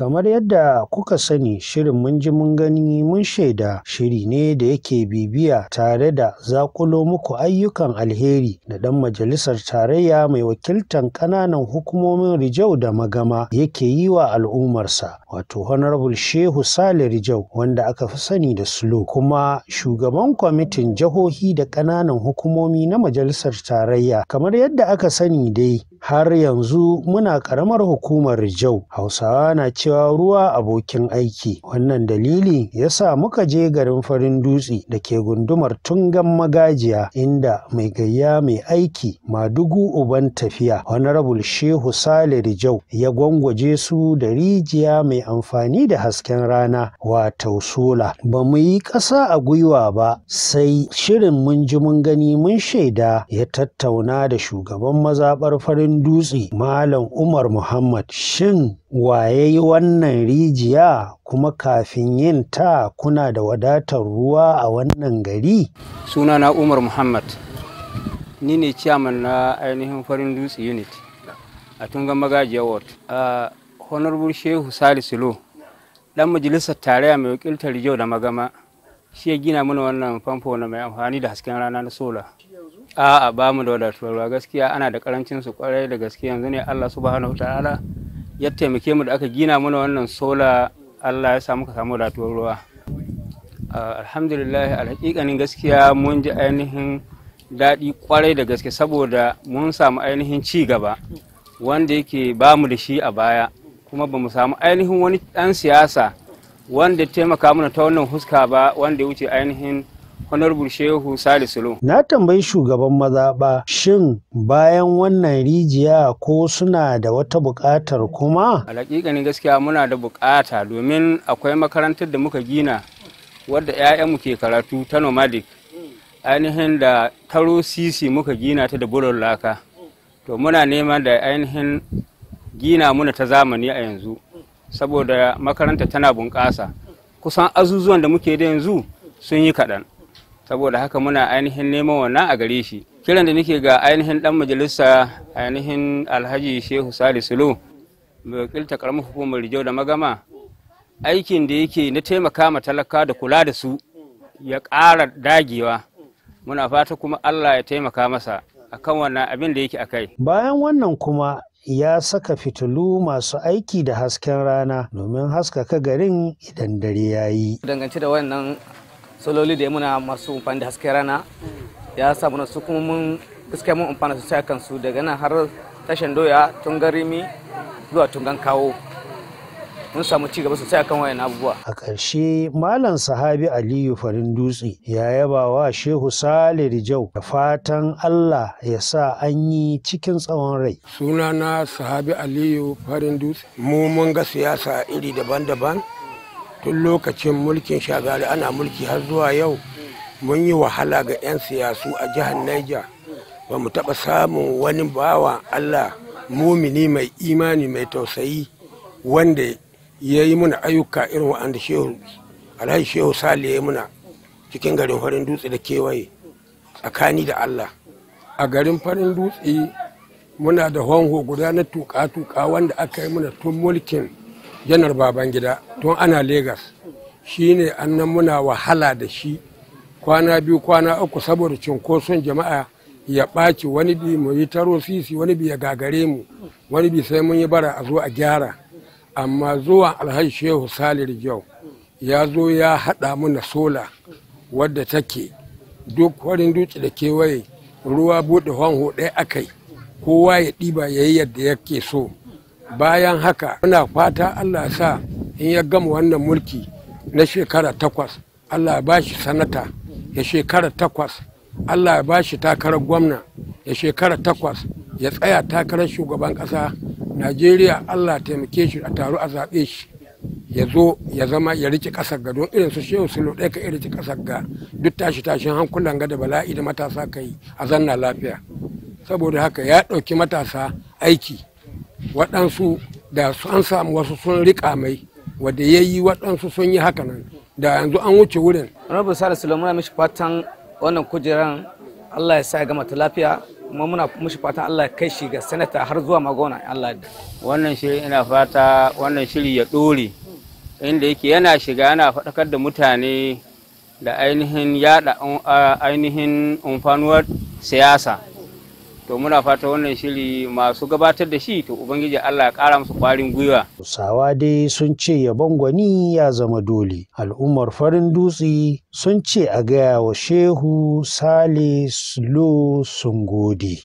Kamar yadda kuka sani shirin mun ji mun gani mun shaida shiri ne da yake bibiya tare da zakulo muku ayyukan alheri da ɗan majalisar tarayya mai wakiltan ƙananan hukumomin Rijau da Magama yake yi wa al'ummarsa wato Honorable Shehu Sale Rijau wanda aka fi sani da Sulo kuma shugaban kwamitin jihohi da ƙananan hukumomi na majalisar tarayya kamar yadda aka sani dai har yanzu muna karamar hukumar Jau. Hausawa na cewa ruwa abokin aiki. Wannan dalili ya sa muka je garin Farin Dutse da ke gundumar Tungan Magajiya inda mai gayya mai aiki Madugu Uban Tafiya Honorable Shehu salir Rijau ya gwangwaje su da rijiya mai amfani da hasken rana wato sola. Ba mu yi ƙasa a gwiwa ba sai shirin mun ji mun gani mun shaida ya tattauna da shugaban mazaɓar Farin cikin dutse Malam Umar Muhammad shin waye wannan rijiya kuma kafin yin ta kuna da wadatar ruwa a wannan gari? Sunana Umar Muhammad ni ne ciyaman na ainihin farin dutse unit a tungan magajiya ward. A honorable Shehu Salisu Lo dan majalisar tarayya mai wakiltar Rijau da Magama shi ya gina mana wannan famfo na mai amfani da hasken rana na sola. a'a ba mu da wadatuwar ruwa gaskiya ana da karancin su kwarai da gaske yanzu ne Allah subhanahu ta'ala ya taimake mu da aka gina mana wannan sola Allah ya samu ka samu wadatuwar ruwa ah, alhamdulillah alhaƙiƙanin gaskiya mun ji ainihin daɗi kwarai da gaske saboda mun samu ainihin ci gaba wanda yake ba mu da shi a baya kuma ba mu samu ainihin wani ɗan siyasa wanda taimaka mana ta wannan huska ba wanda ya wuce ainihin honorable shehu salisu na tambayi shugaban maza ba. shin bayan wannan rijiya ko suna da wata buƙatar kuma a ne gaskiya muna da buƙata domin akwai makarantar da muka gina wadda 'ya'yanmu ke karatu ta nomadic ainihin da taro sisi muka gina ta da bulon laka to muna nema da ainihin gina muna ta zamani a yanzu saboda makaranta tana bunƙasa kusan azuzuwan da muke da yanzu sun yi kaɗan saboda haka muna ainihin neman wannan a gare shi kiran da nake ga ainihin dan majalisa ainihin alhaji shehu sali sulu mai ta karamar hukumar rijau da magama aikin da yake na taimaka ma talaka da kula da su ya kara dagewa muna fata kuma allah ya taimaka masa kan wannan abin da yake a kai bayan wannan kuma ya saka fitilu masu aiki da hasken rana domin haskaka garin idan dare ya yi dangance da wannan sololi da ya muna masu amfani da hasken rana ya sa muna su kuma mun gaskiya mun amfana sosai a kansu daga nan har tashan doya tungan rimi zuwa tungan kawo mun samu ci gaba sosai kan wayan abubuwa. A ƙarshe Malam Sahabi Aliyu Farin Dutse ya yaba wa Shehu Sale Rijau da fatan Allah ya sa an yi cikin tsawon rai. Sunana Sahabi Aliyu Farin Dutse mu mun ga siyasa iri daban-daban tun lokacin mulkin shagari ana mulki har zuwa yau mun yi wahala ga 'yan siyasu a jihar Niger ba mu taɓa samun wani bawa Allah mumini mai imani mai tausayi wanda ya yi muna ayyuka irin wa'anda shehu alhaji shehu sale ya yi muna cikin garin farin dutse da kewaye tsakani da Allah a garin farin dutse muna da honho guda na tuka-tuka wanda aka yi muna tun mulkin janar babangida tun ana Legas shine ne annan muna wahala da shi kwana biyu kwana uku saboda cunkoson jama'a ya ɓaci wani bi mu yi taro sisi wani bi ya gagare mu wani bi sai mun yi bara a zo a gyara amma zuwa alhaji shehu salir jau ya zo ya haɗa muna sola wadda take duk warin dutse da kewaye ruwa buɗe hanho ɗaya akai kowa ya ɗiba ya yi yadda yake so bayan haka muna fata allah sa in ya gama wannan mulki na shekara takwas allah ya bashi sanata ya shekara takwas allah ya bashi takarar gwamna ya shekara takwas ya tsaya takarar shugaban ƙasa najeriya allah taimake shi a taro a zaɓe shi ya zo ya zama ya riƙe ƙasar ga don irin su shehu sulu ɗaya ka riƙe ƙasar ga duk tashi tashin hankulan ga da bala'i da matasa ka yi a zanna lafiya saboda haka ya ɗauki matasa aiki waɗansu da an samu wasu sun riƙa mai wadda ya yi waɗansu sun yi haka nan da yanzu an wuce wurin. Honorable Salisu Sulaiman muna mishi fatan wannan kujeran Allah ya sa ya gama ta lafiya kuma muna mishi fatan Allah ya kai shi ga sanata har zuwa magona Allah da. Wannan shiri ina fata wannan shiri ya ɗore inda yake yana shiga yana faɗakar da mutane da ainihin yaɗa ainihin amfanuwar siyasa. to muna fata wannan shiri masu gabatar da shi to ubangiji Allah ya kara musu kwarin gwiwa Hausawa dai sun ce yabon gwani ya zama dole al'ummar farin dutse sun ce a gaya wa shehu sale slo sun gode